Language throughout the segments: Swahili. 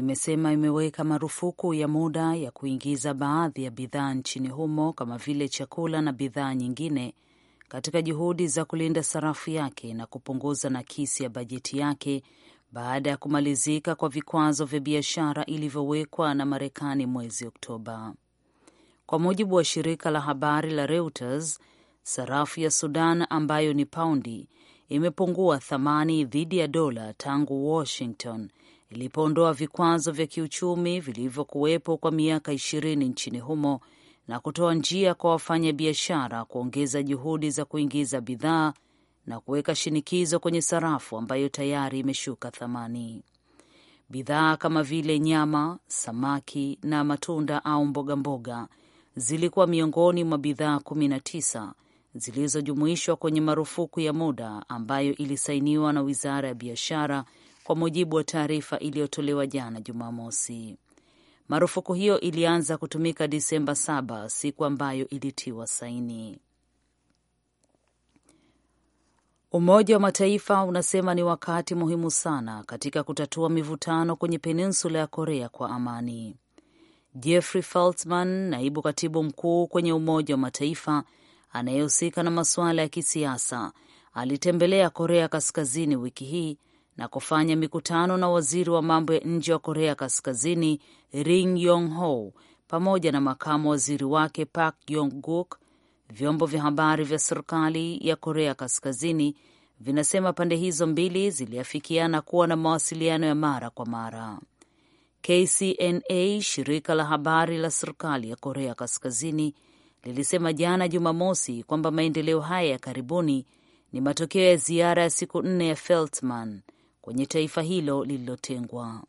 imesema imeweka marufuku ya muda ya kuingiza baadhi ya bidhaa nchini humo kama vile chakula na bidhaa nyingine katika juhudi za kulinda sarafu yake na kupunguza nakisi ya bajeti yake baada ya kumalizika kwa vikwazo vya biashara ilivyowekwa na Marekani mwezi Oktoba. Kwa mujibu wa shirika la habari la Reuters, sarafu ya Sudan ambayo ni paundi imepungua thamani dhidi ya dola tangu Washington ilipoondoa vikwazo vya kiuchumi vilivyokuwepo kwa miaka ishirini nchini humo na kutoa njia kwa wafanyabiashara kuongeza juhudi za kuingiza bidhaa na kuweka shinikizo kwenye sarafu ambayo tayari imeshuka thamani. Bidhaa kama vile nyama, samaki na matunda au mboga mboga zilikuwa miongoni mwa bidhaa kumi na tisa zilizojumuishwa kwenye marufuku ya muda ambayo ilisainiwa na Wizara ya Biashara kwa mujibu wa taarifa iliyotolewa jana Jumamosi. Marufuku hiyo ilianza kutumika Disemba 7, siku ambayo ilitiwa saini. Umoja wa Mataifa unasema ni wakati muhimu sana katika kutatua mivutano kwenye peninsula ya Korea kwa amani. Jeffrey Feltman, naibu katibu mkuu kwenye Umoja wa Mataifa anayehusika na masuala ya kisiasa, alitembelea Korea Kaskazini wiki hii na kufanya mikutano na waziri wa mambo ya nje wa Korea Kaskazini Ring Yong Ho pamoja na makamu waziri wake Park Yong Guk. Vyombo vya habari vya serikali ya Korea Kaskazini vinasema pande hizo mbili ziliafikiana kuwa na mawasiliano ya mara kwa mara. KCNA, shirika la habari la serikali ya Korea Kaskazini, lilisema jana Jumamosi kwamba maendeleo haya ya karibuni ni matokeo ya ziara ya siku nne ya Feltman, kwenye taifa hilo lililotengwa.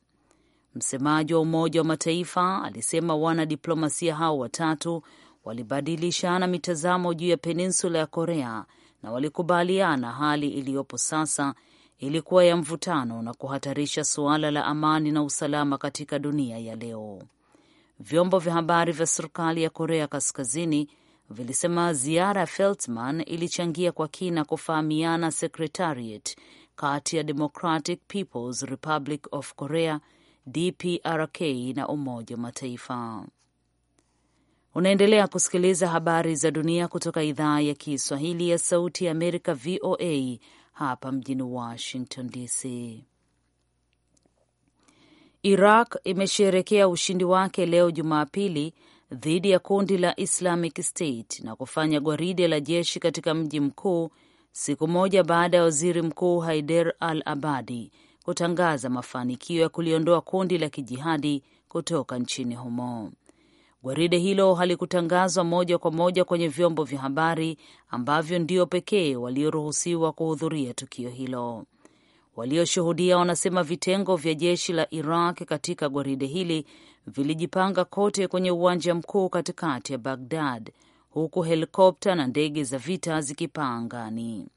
Msemaji wa Umoja wa Mataifa alisema wanadiplomasia hao watatu walibadilishana mitazamo juu ya peninsula ya Korea na walikubaliana hali iliyopo sasa ilikuwa ya mvutano na kuhatarisha suala la amani na usalama katika dunia ya leo. Vyombo vya habari vya serikali ya Korea Kaskazini vilisema ziara ya Feltman ilichangia kwa kina kufahamiana Secretariat kati ya Democratic People's Republic of Korea DPRK na Umoja wa Mataifa. Unaendelea kusikiliza habari za dunia kutoka idhaa ya Kiswahili ya Sauti ya Amerika, VOA, hapa mjini Washington DC. Iraq imesherekea ushindi wake leo Jumapili dhidi ya kundi la Islamic State na kufanya gwaride la jeshi katika mji mkuu siku moja baada ya waziri mkuu Haider al Abadi kutangaza mafanikio ya kuliondoa kundi la kijihadi kutoka nchini humo. Gwaride hilo halikutangazwa moja kwa moja kwenye vyombo vya habari ambavyo ndio pekee walioruhusiwa kuhudhuria tukio hilo. Walioshuhudia wanasema vitengo vya jeshi la Iraq katika gwaride hili vilijipanga kote kwenye uwanja mkuu katikati ya Bagdad huku helikopta na ndege za vita zikipaa angani.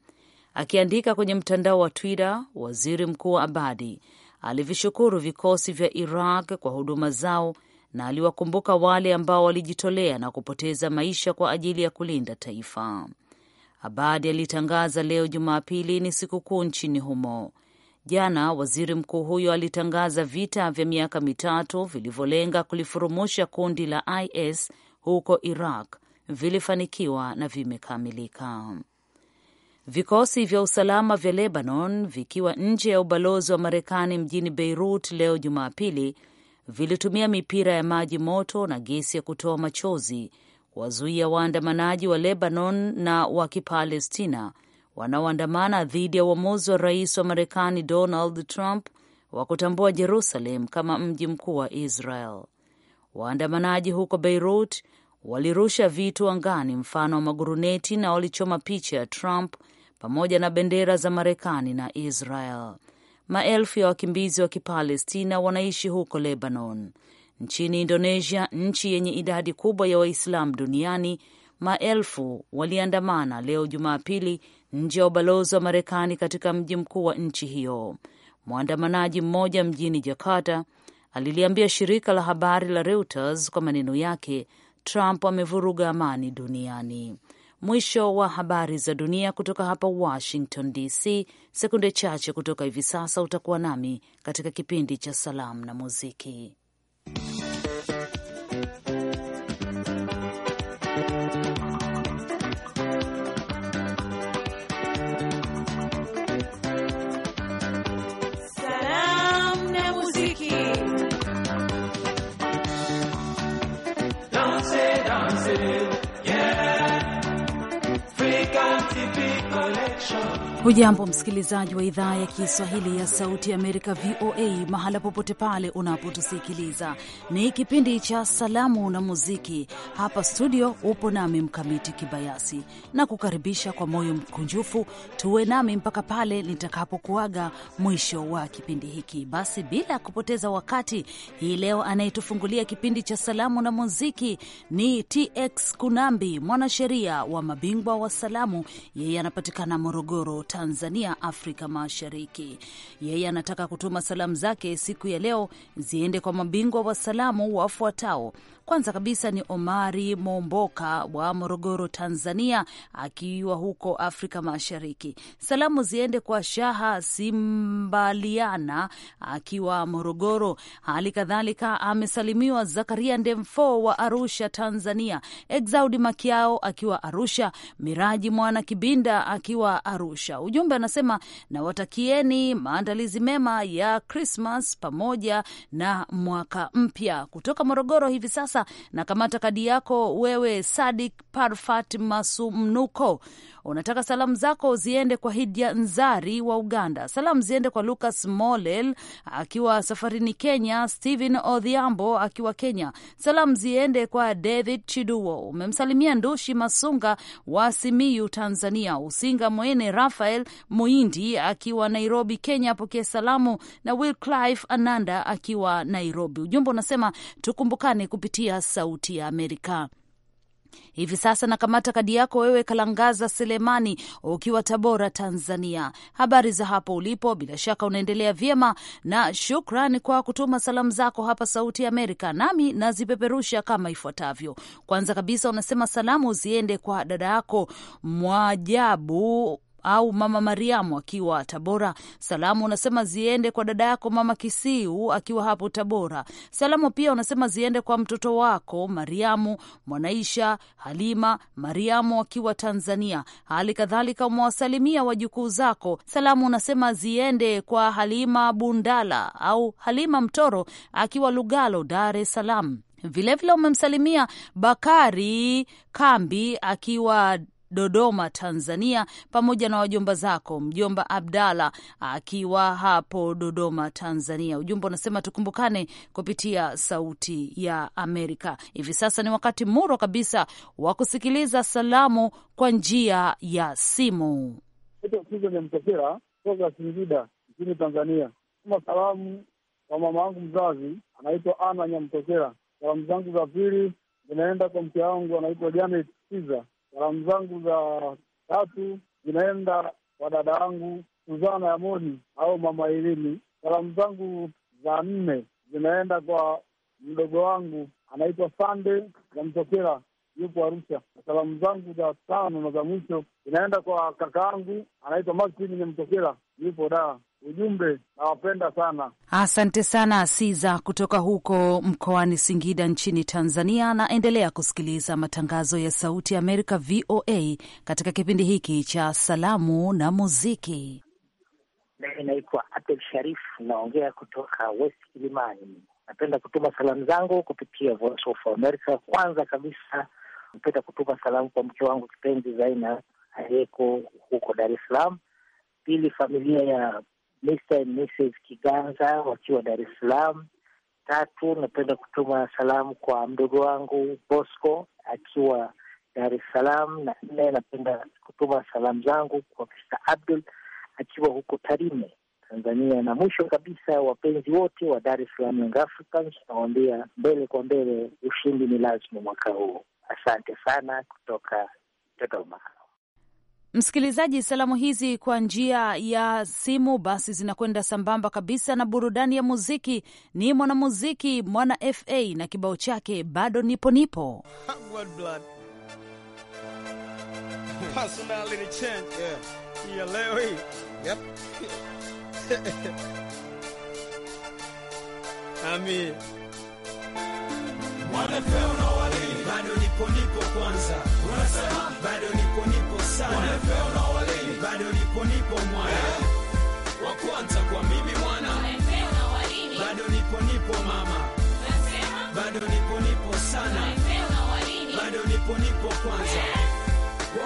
Akiandika kwenye mtandao wa Twitter, waziri mkuu Abadi alivishukuru vikosi vya Iraq kwa huduma zao na aliwakumbuka wale ambao walijitolea na kupoteza maisha kwa ajili ya kulinda taifa. Abadi alitangaza leo Jumapili ni sikukuu nchini humo. Jana waziri mkuu huyo alitangaza vita vya miaka mitatu vilivyolenga kulifurumusha kundi la IS huko Iraq vilifanikiwa na vimekamilika. Vikosi vya usalama vya Lebanon vikiwa nje ya ubalozi wa Marekani mjini Beirut leo Jumapili vilitumia mipira ya maji moto na gesi ya kutoa machozi kuwazuia waandamanaji wa Lebanon na wa Kipalestina wanaoandamana dhidi ya uamuzi wa rais wa Marekani Donald Trump wa kutambua Jerusalem kama mji mkuu wa Israel. Waandamanaji huko Beirut walirusha vitu angani mfano wa maguruneti na walichoma picha ya Trump pamoja na bendera za Marekani na Israel. Maelfu ya wakimbizi wa Kipalestina wanaishi huko Lebanon. Nchini Indonesia, nchi yenye idadi kubwa ya Waislamu duniani, maelfu waliandamana leo Jumapili nje ya ubalozi wa Marekani katika mji mkuu wa nchi hiyo. Mwandamanaji mmoja mjini Jakarta aliliambia shirika la habari la Reuters kwa maneno yake Trump amevuruga amani duniani. Mwisho wa habari za dunia kutoka hapa Washington DC. Sekunde chache kutoka hivi sasa utakuwa nami katika kipindi cha salamu na muziki. Hujambo msikilizaji wa idhaa ya Kiswahili ya Sauti ya Amerika, VOA, mahala popote pale unapotusikiliza. Ni kipindi cha Salamu na Muziki. Hapa studio upo nami Mkamiti Kibayasi na kukaribisha kwa moyo mkunjufu, tuwe nami mpaka pale nitakapokuaga mwisho wa kipindi hiki. Basi bila kupoteza wakati, hii leo anayetufungulia kipindi cha Salamu na Muziki ni TX Kunambi, mwanasheria wa mabingwa wa salamu. Yeye anapatikana Morogoro, Tanzania, Afrika Mashariki. Yeye anataka kutuma salamu zake siku ya leo ziende kwa mabingwa wa salamu wafuatao: kwanza kabisa ni Omari Momboka wa Morogoro, Tanzania, akiwa huko Afrika Mashariki. Salamu ziende kwa Shaha Simbaliana akiwa Morogoro. Hali kadhalika amesalimiwa Zakaria Ndemfo wa Arusha, Tanzania, Exaudi Makiao akiwa Arusha, Miraji Mwana Kibinda akiwa Arusha. Ujumbe anasema nawatakieni maandalizi mema ya Krismas pamoja na mwaka mpya kutoka Morogoro hivi sasa sasa nakamata kadi yako wewe Sadik Parfat Masumnuko Unataka salamu zako ziende kwa Hidia Nzari wa Uganda, salamu ziende kwa Lucas Molel akiwa safarini Kenya, Stephen Odhiambo akiwa Kenya, salamu ziende kwa David Chiduo. Umemsalimia Ndushi Masunga wa Simiyu, Tanzania, Usinga Mwene Rafael Muindi akiwa Nairobi, Kenya, apokee salamu na Will Clive Ananda akiwa Nairobi. Ujumbe unasema tukumbukane kupitia Sauti ya Amerika. Hivi sasa nakamata kadi yako wewe, Kalangaza Selemani, ukiwa Tabora, Tanzania. Habari za hapo ulipo? Bila shaka unaendelea vyema, na shukrani kwa kutuma salamu zako hapa Sauti ya Amerika, nami nazipeperusha kama ifuatavyo. Kwanza kabisa, unasema salamu ziende kwa dada yako Mwajabu au mama Mariamu akiwa Tabora. Salamu unasema ziende kwa dada yako mama Kisiu akiwa hapo Tabora. Salamu pia unasema ziende kwa mtoto wako Mariamu Mwanaisha Halima Mariamu akiwa Tanzania. Hali kadhalika umewasalimia wajukuu zako. Salamu unasema ziende kwa Halima Bundala au Halima Mtoro akiwa Lugalo, Dar es Salaam. Vilevile umemsalimia Bakari Kambi akiwa Dodoma, Tanzania, pamoja na wajomba zako, mjomba Abdala akiwa hapo Dodoma, Tanzania. Ujumbe unasema tukumbukane kupitia Sauti ya Amerika. Hivi sasa ni wakati muro kabisa wa kusikiliza salamu kwa njia ya simu. Mtokera toka Singida nchini Tanzania, tuma salamu kwa mama wangu mzazi anaitwa Ana Nyamtokera. Salamu zangu za pili zinaenda kwa mke wangu anaitwa Janet Siza Salamu zangu za tatu zinaenda kwa dada yangu Suzana ya Moni au mama Irini. Salamu zangu za nne zinaenda kwa mdogo wangu anaitwa Sande Yamtokela, yupo Arusha. Salamu zangu za tano na za mwisho zinaenda kwa kaka yangu anaitwa Martin Yamtokela, yupo Daa. Ujumbe, nawapenda sana. Asante sana Siza kutoka huko mkoani Singida nchini Tanzania. Naendelea kusikiliza matangazo ya Sauti ya Amerika VOA katika kipindi hiki cha salamu na muziki. Mimi naitwa Abdul Sharif, naongea kutoka West Kilimani. Napenda kutuma salamu zangu kupitia Voice of America. Kwanza kabisa, napenda kutuma salamu kwa mke wangu kipenzi Zaina aliyeko huko Dar es Salaam. Pili, familia ya Mr and Mrs Kiganza wakiwa Dar es Salaam. Tatu, napenda kutuma salamu kwa mdogo wangu Bosco akiwa Dar es Salaam. Na nne, napenda kutuma salamu zangu kwa Mr Abdul akiwa huko Tarime, Tanzania. Na mwisho kabisa, wapenzi wote wa Dar es Salaam Young Africans, nawaambia mbele kwa mbele, ushindi ni lazima mwaka huu. Asante sana kutoka Dodoma. Msikilizaji, salamu hizi kwa njia ya simu basi zinakwenda sambamba kabisa na burudani ya muziki. Ni mwanamuziki Mwana FA na kibao chake bado nipo nipo. Bado nipo nipo kwanza, unasema bado nipo sana wanapewa na bado lipo nipo mwana wa kwanza kwa mimi mwana wanapewa bado lipo nipo mama bado lipo nipo sana bado lipo nipo kwanza yeah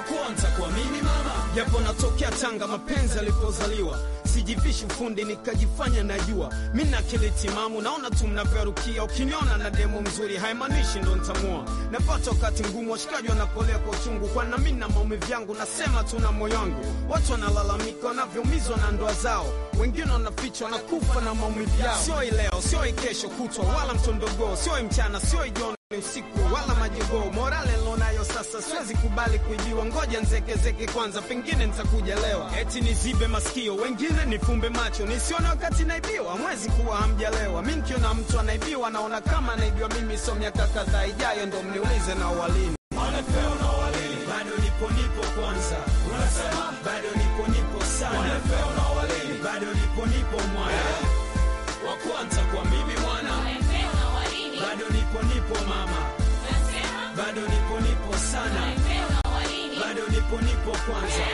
kwanza kwa mimi mama, japo natokea Tanga, mapenzi alipozaliwa sijivishi fundi nikajifanya najua mi na kili timamu, naona tu mnavyorukia. Ukiniona na demo mzuri haimaanishi ndo ntamua. Napata wakati ngumu, washikaji wanapolea kwa uchungu, kwana mi na maumivu yangu nasema tu na moyo wangu. Watu wanalalamika wanavyoumizwa na ndoa zao, wengine wanafichwa na kufa na maumivu yao. Sioi leo, sioi kesho kutwa, wala mtondogoo, sioi mchana, sio jioni usiku wala majogo morale nilonayo sasa siwezi kubali kuibiwa, ngoja nzekezeke kwanza, pengine lewa Eti nizibe masikio, wengine nifumbe macho, nisione wakati naibiwa. Mwezi kuwa hamjalewa, mi nkiona mtu anaibiwa naona kama naibiwa mimi. So miaka kadhaa ijayo ndo mniulize na uwalini hapo nipo kwanza,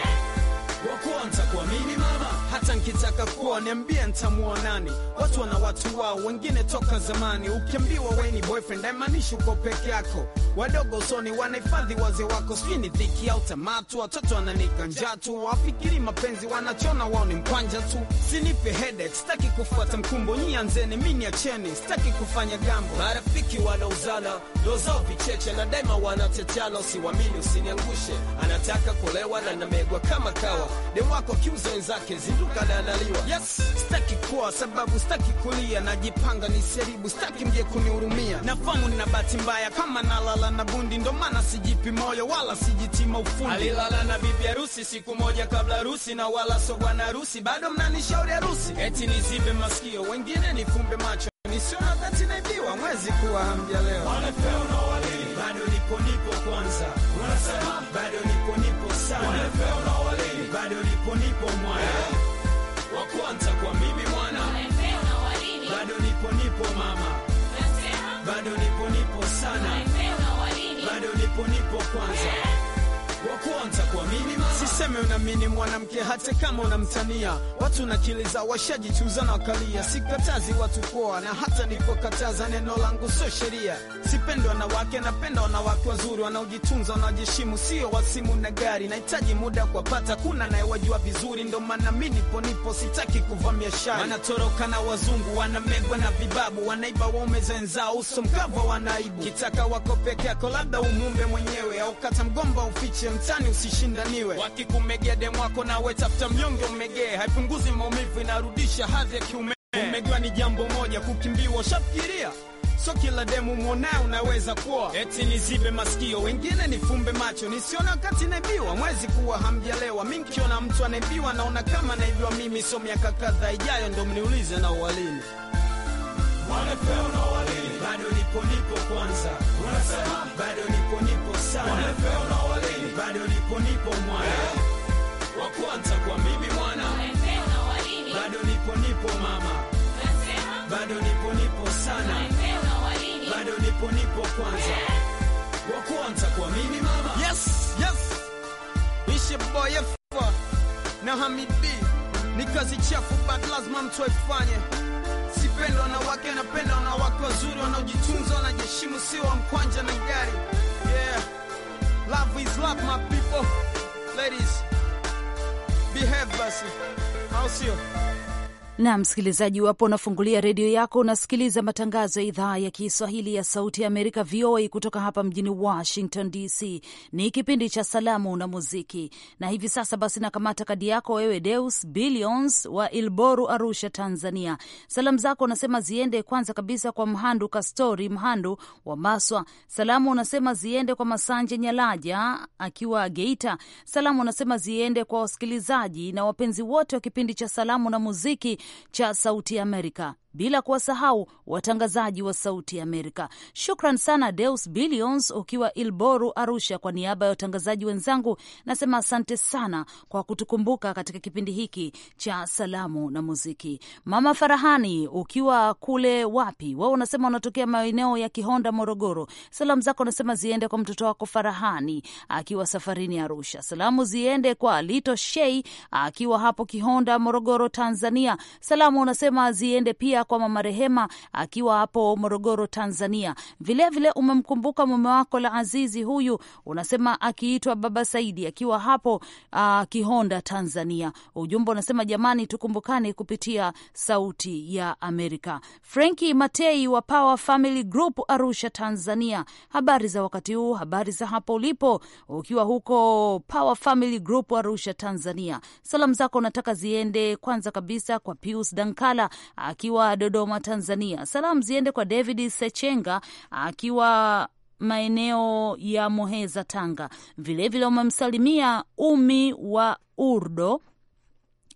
wa kwanza kwa mimi mama hata nkitaka kuwa niambie ntamuonani. Watu wana watu wao, wengine toka zamani. Ukiambiwa we ni boyfriend haimaanishi uko peke yako. Wadogo usoni wanahifadhi wazee wako, sijui ni dhiki au tamatu. Watoto wananika njaa tu, wafikiri mapenzi wanachona wao ni mkwanja tu. Sinipe headache, sitaki kufuata mkumbo, nyi anzeni mi niacheni, sitaki kufanya gambo. Marafiki wanauzana dozao zao vicheche na daima wanatetana, usiwamini usiniangushe. Anataka kulewa na namegwa kama kawa, demu wako wenzake zindu tukadadaliwa. Yes, sitaki kuwa sababu, sitaki kulia, najipanga nisiharibu, sitaki mje kunihurumia. Nafamu nina bahati mbaya kama nalala na bundi, ndo maana sijipi moyo wala sijitima ufundi. Alilala na bibi harusi siku moja kabla harusi, na wala so bwana harusi, bado mnanishauri harusi, eti nizibe masikio, wengine nifumbe macho nisiona dhati naibiwa, mwezi kuwa hamja leo bado nipo nipo kwanza, unasema bado nipo nipo sana, bado nipo nipo mwana eh? nipo mama, bado nipo nipo sana, bado nipo nipo kwanza, wa kwanza kwa mimi Useme unamini mwanamke hata kama unamtania. Watu nakiliza washajichuza na wakalia. Sikatazi watu poa, na hata nikokataza, neno langu sio sheria. Sipendwa na wake, napenda wanawake wazuri, wanaojitunza, wanaojiheshimu, sio wasimu na gari. Nahitaji muda kuwapata, kuna nayewajua vizuri, ndo maana mi nipo nipo, sitaki kuvamia shari. Wanatoroka na wazungu, wanamegwa na vibabu, wanaiba waume zenzao, uso mkavu wanaibu. Kitaka wako peke yako, labda umumbe mwenyewe, au kata mgomba ufiche mtani, usishindaniwe Waki siku umegea demu wako, nawe tafuta mnyonge umegee. Haipunguzi maumivu, inarudisha hadhi ya kiume. Umegewa ni jambo moja, kukimbiwa ushafikiria So kila demu mwona unaweza kuwa eti nizibe masikio, wengine nifumbe macho, nisiona wakati naibiwa. Mwezi kuwa hamjalewa, mi nkiona mtu anaibiwa naona kama naibiwa mimi. So miaka kadhaa ijayo ndo mniulize na uwalini bado nipo nipo kwanza, unasema bado nipo nipo sana bado nipo nipo mwana wa kwanza kwa mimi mwana bado nipo nipo mama bado nipo nipo sana bado nipo nipo kwanza wa kwanza kwa mimi mama yes yes Bishop Boyefa na Hamid B ni kazi chafu but lazima mtu aifanye. Sipenda wanawake, napenda wanawake wazuri wanaojitunza, wanajiheshimu, si wa mkwanja na gari yeah. Love is love, my people. Ladies, behave, Bessie. I'll see you. na msikilizaji wapo unafungulia redio yako, unasikiliza matangazo ya idhaa ya Kiswahili ya Sauti ya Amerika, VOA, kutoka hapa mjini Washington DC. Ni kipindi cha Salamu na Muziki, na hivi sasa basi nakamata kadi yako wewe, Deus Billions wa Ilboru, Arusha, Tanzania. Salamu zako unasema ziende kwanza kabisa kwa Mhandu Kastori Mhandu wa Maswa. Salamu unasema ziende kwa Masanje Nyalaja akiwa Geita. Salamu unasema ziende kwa wasikilizaji na wapenzi wote wa kipindi cha Salamu na Muziki cha Sauti Amerika bila kuwasahau watangazaji wa Sauti Amerika. Shukran sana Deus Billions ukiwa Ilboru, Arusha. Kwa niaba ya watangazaji wenzangu nasema asante sana kwa kutukumbuka katika kipindi hiki cha salamu na muziki. Mama Farahani ukiwa kule wapi wao, unasema unatokea maeneo ya Kihonda, Morogoro. Salamu zako unasema ziende kwa mtoto wako Farahani akiwa safarini Arusha. Salamu ziende kwa Lito Shei akiwa hapo Kihonda, Morogoro, Tanzania. Salamu unasema ziende pia kwa mama Rehema akiwa hapo Morogoro, Tanzania. Vilevile vile umemkumbuka mume wako la azizi huyu, unasema akiitwa Baba Saidi akiwa hapo uh, Kihonda, Tanzania. Ujumbe unasema jamani, tukumbukane kupitia Sauti ya Amerika. Frenki Matei wa Power Family Group Arusha, Tanzania, habari za wakati huu, habari za hapo ulipo, ukiwa huko Power Family Group Arusha, Tanzania. Salamu zako nataka ziende kwanza kabisa kwa Pius Dankala akiwa Dodoma, Tanzania. Salamu ziende kwa David Sechenga akiwa maeneo ya moheza Tanga. Vilevile umemsalimia Umi wa Urdo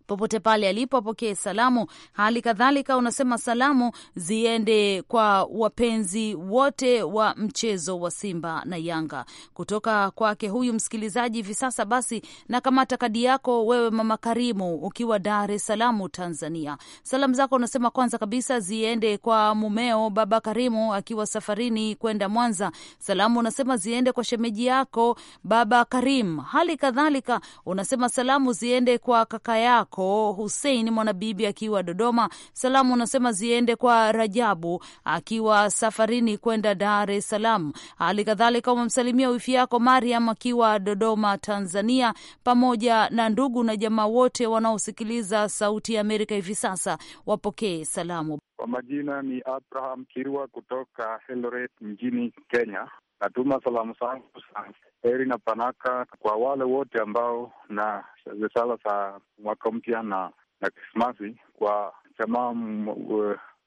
popote pale alipo apokee salamu. Hali kadhalika unasema salamu ziende kwa wapenzi wote wa mchezo wa Simba na Yanga kutoka kwake huyu msikilizaji hivi sasa. Basi kamata kadi yako wewe, Mama Karimu, ukiwa Dar es Salaam, Tanzania. Salamu zako unasema kwanza kabisa ziende kwa mumeo Baba Karimu akiwa safarini kwenda Mwanza. Salamu unasema ziende kwa shemeji yako Baba Karim. Hali kadhalika unasema salamu ziende kwa kaka yako yako Hussein Mwanabibi akiwa Dodoma. Salamu unasema ziende kwa Rajabu akiwa safarini kwenda Dar es Salaam. Hali kadhalika umemsalimia wifi yako Mariam akiwa Dodoma, Tanzania, pamoja na ndugu na jamaa wote wanaosikiliza Sauti ya Amerika hivi sasa, wapokee salamu. Kwa majina ni Abraham Kirwa kutoka Eldoret mjini Kenya. Natuma salamu zangu za heri na panaka kwa wale wote ambao na sala za mwaka mpya na na Krismasi kwa jamaa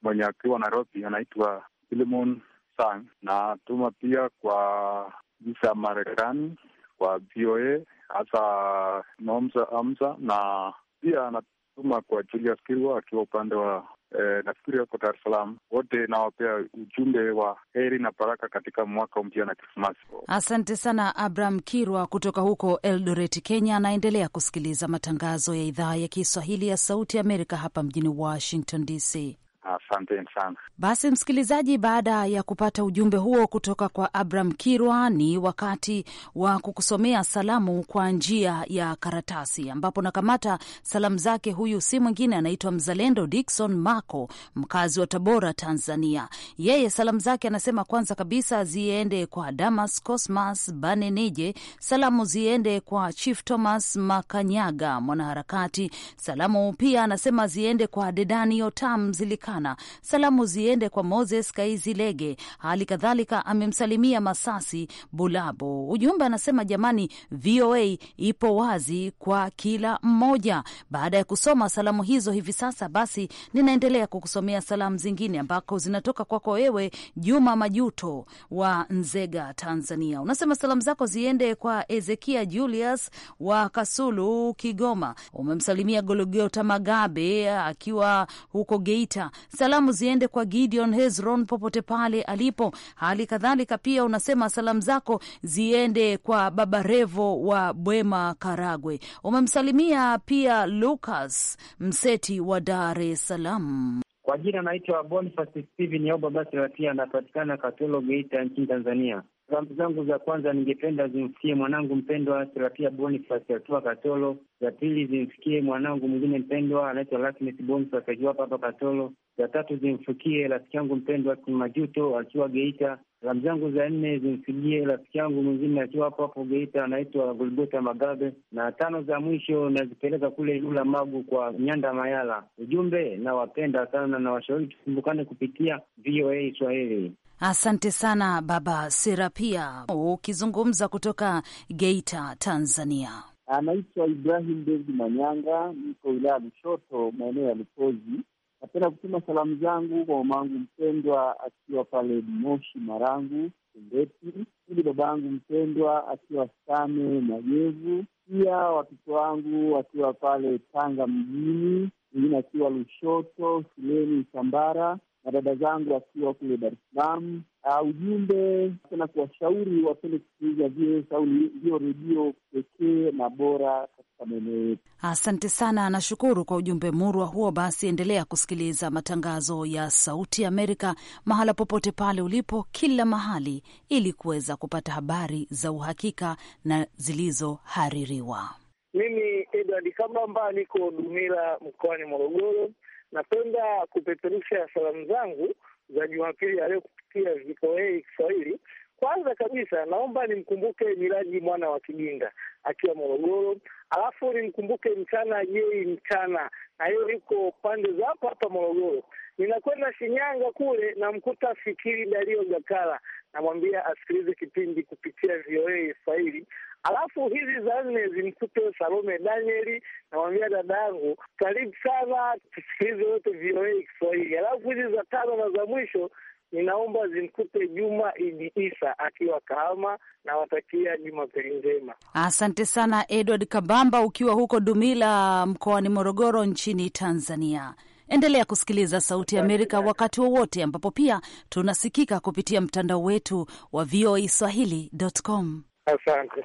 mwenye akiwa Nairobi anaitwa Filimon Sang. Natuma pia kwa visa ya Marekani kwa VOA hasa Nomza Amza, na pia anatuma kwa Julius Kirwa akiwa upande wa eh, nafikiri wako Dar es Salaam. Wote nawapea ujumbe wa heri na baraka katika mwaka mpya na Krismasi. Asante sana, Abraham Kirwa kutoka huko Eldoret, Kenya. Anaendelea kusikiliza matangazo ya idhaa ya Kiswahili ya Sauti Amerika hapa mjini Washington DC. Asanteni sana. Basi msikilizaji, baada ya kupata ujumbe huo kutoka kwa Abraham Kirwa, ni wakati wa kukusomea salamu kwa njia ya karatasi, ambapo nakamata salamu zake. Huyu si mwingine anaitwa Mzalendo Dikson Mako, mkazi wa Tabora, Tanzania. Yeye salamu zake anasema kwanza kabisa ziende kwa Damas Cosmas Baneneje, salamu ziende kwa Chief Thomas Makanyaga, mwanaharakati. Salamu pia anasema ziende kwa Dedani Otam Zilika sana. Salamu ziende kwa Moses Kaizilege, hali kadhalika amemsalimia Masasi Bulabo. Ujumbe anasema jamani, VOA ipo wazi kwa kila mmoja. Baada ya kusoma salamu hizo hivi sasa, basi ninaendelea kukusomea salamu zingine ambako zinatoka kwako wewe, Juma Majuto wa Nzega, Tanzania. Unasema salamu zako ziende kwa Ezekia Julius wa Kasulu, Kigoma. Umemsalimia Gologota Magabe akiwa huko Geita. Salamu ziende kwa Gideon Hezron popote pale alipo. Hali kadhalika pia unasema salamu zako ziende kwa Baba Revo wa Bwema, Karagwe. Umemsalimia pia Lucas Mseti wa Dar es Salaam. Kwa jina naitwa Boniface Steven Yoba, basi na pia anapatikana Katolo, Geita nchini Tanzania salamu zangu za kwanza ningependa zimfikie mwanangu mpendwa Serapia Bonifas akiwa Katolo. Za pili zimfikie mwanangu mwingine mpendwa anaitwa Lasmes Bonifas akiwa hapa Katolo. Za tatu zimfikie rafiki yangu mpendwa Majuto akiwa Geita. Salamu zangu za nne zimfikie rafiki yangu mwingine akiwa hapo hapo Geita anaitwa Golgota Magabe, na tano za mwisho nazipeleka kule Lula Magu kwa Nyanda Mayala. Ujumbe, nawapenda sana na washauri tukumbukane kupitia VOA Swahili. Asante sana Baba Serapia, ukizungumza kutoka Geita, Tanzania. Anaitwa Ibrahim David Manyanga, niko wilaya Lushoto, maeneo ya Lukozi. Napenda kutuma salamu zangu kwa mama mpendwa akiwa pale Moshi Marangu Tendeti, ili baba yangu mpendwa akiwa Same Majevu, pia watoto wangu wakiwa pale Tanga mjini, wengine akiwa Lushoto Shuleni Sambara, dada zangu wakiwa kule Dar es Salaam. Uh, ujumbe tena kuwashauri wapende kusikiliza VOS au ndio redio pekee na bora katika maeneo yetu. Asante sana, nashukuru kwa ujumbe murwa huo. Basi endelea kusikiliza matangazo ya Sauti Amerika mahala popote pale ulipo, kila mahali, ili kuweza kupata habari za uhakika na zilizohaririwa. Mimi Edward Kabamba niko Dumila mkoani Morogoro. Napenda kupeperusha salamu zangu za Jumapili ya leo kupitia VOA Kiswahili. Kwanza kabisa naomba nimkumbuke Miraji mwana wa Kibinda akiwa Morogoro, alafu nimkumbuke Mchana Jei Mchana na yeye yuko pande za hapa hapa Morogoro. Ninakwenda Shinyanga kule namkuta Fikiri Dario Gakala namwambia asikilize kipindi kupitia VOA Swahili. Alafu hizi za nne zimkute Salome Danieli, namwambia dada yangu karibu sana, tusikilize wote VOA Kiswahili. Alafu hizi za tano na za mwisho ninaomba zimkute Juma Idi Isa akiwa Kahama, na watakia Jumapili njema. Asante sana Edward Kabamba, ukiwa huko Dumila mkoani Morogoro nchini Tanzania. Endelea kusikiliza Sauti ya Amerika wakati wowote ambapo pia tunasikika kupitia mtandao wetu wa voaswahili.com. Asante.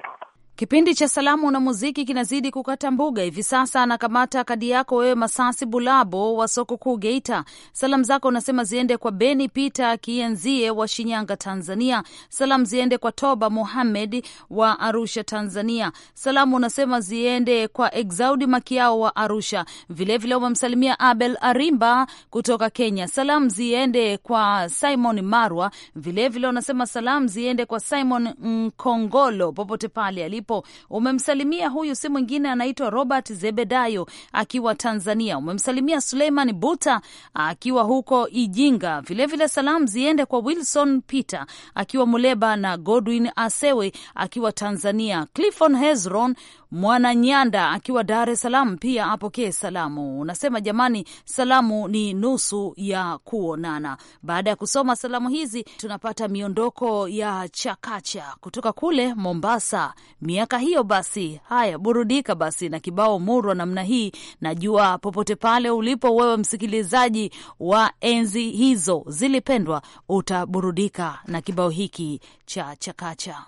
Kipindi cha salamu na muziki kinazidi kukata mbuga hivi sasa. Anakamata kadi yako wewe, Masasi Bulabo wa soko kuu Geita. Salamu zako unasema ziende kwa Beni Pita Kienzie wa Shinyanga, Tanzania. Salamu ziende kwa Toba Muhamed wa Arusha, Tanzania. Salamu unasema ziende kwa Exaudi Makiao wa Arusha, vilevile umemsalimia Abel Arimba kutoka Kenya. Salamu ziende kwa Simon Marwa, vilevile unasema salamu ziende kwa Simon Mkongolo popote pale alipo ulipo. Umemsalimia huyu si mwingine anaitwa Robert Zebedayo akiwa Tanzania. Umemsalimia Suleiman Buta akiwa huko Ijinga. Vilevile salamu ziende kwa Wilson Peter akiwa Muleba na Godwin Asewe akiwa Tanzania. Clifton Hezron Mwananyanda akiwa Dar es Salaam pia apokee salamu. Unasema jamani, salamu ni nusu ya kuonana. Baada ya kusoma salamu hizi, tunapata miondoko ya chakacha kutoka kule Mombasa miaka hiyo. Basi haya, burudika basi na kibao murwa namna hii. Najua popote pale ulipo wewe msikilizaji wa enzi hizo zilipendwa, utaburudika na kibao hiki cha chakacha.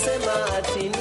se Martin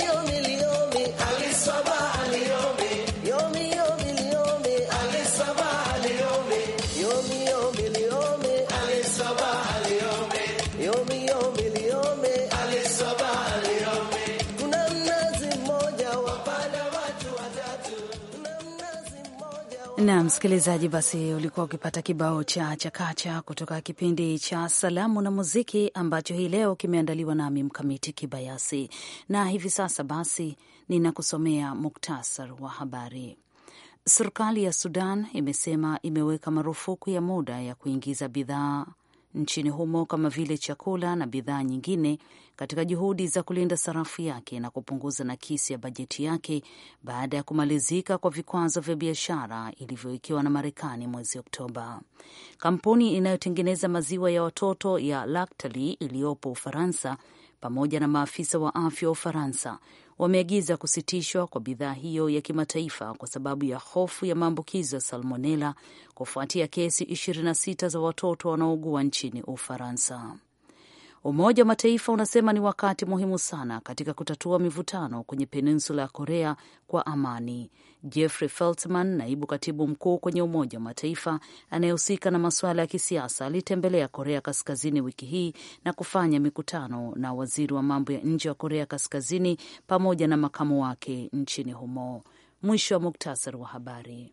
you. na msikilizaji, basi ulikuwa ukipata kibao cha chakacha kutoka kipindi cha salamu na muziki ambacho hii leo kimeandaliwa nami Mkamiti Kibayasi, na hivi sasa basi ninakusomea muktasar wa habari. Serikali ya Sudan imesema imeweka marufuku ya muda ya kuingiza bidhaa nchini humo kama vile chakula na bidhaa nyingine katika juhudi za kulinda sarafu yake na kupunguza nakisi ya bajeti yake baada ya kumalizika kwa vikwazo vya biashara ilivyowekewa na Marekani mwezi Oktoba. Kampuni inayotengeneza maziwa ya watoto ya Lactalis iliyopo Ufaransa pamoja na maafisa wa afya wa Ufaransa wameagiza kusitishwa kwa bidhaa hiyo ya kimataifa kwa sababu ya hofu ya maambukizo ya salmonela kufuatia kesi 26 za watoto wanaougua nchini Ufaransa. Umoja wa Mataifa unasema ni wakati muhimu sana katika kutatua mivutano kwenye peninsula ya Korea kwa amani. Jeffrey Feltman, naibu katibu mkuu kwenye Umoja wa Mataifa anayehusika na masuala ya kisiasa, alitembelea Korea Kaskazini wiki hii na kufanya mikutano na waziri wa mambo ya nje wa Korea Kaskazini pamoja na makamu wake nchini humo. Mwisho wa muktasari wa habari.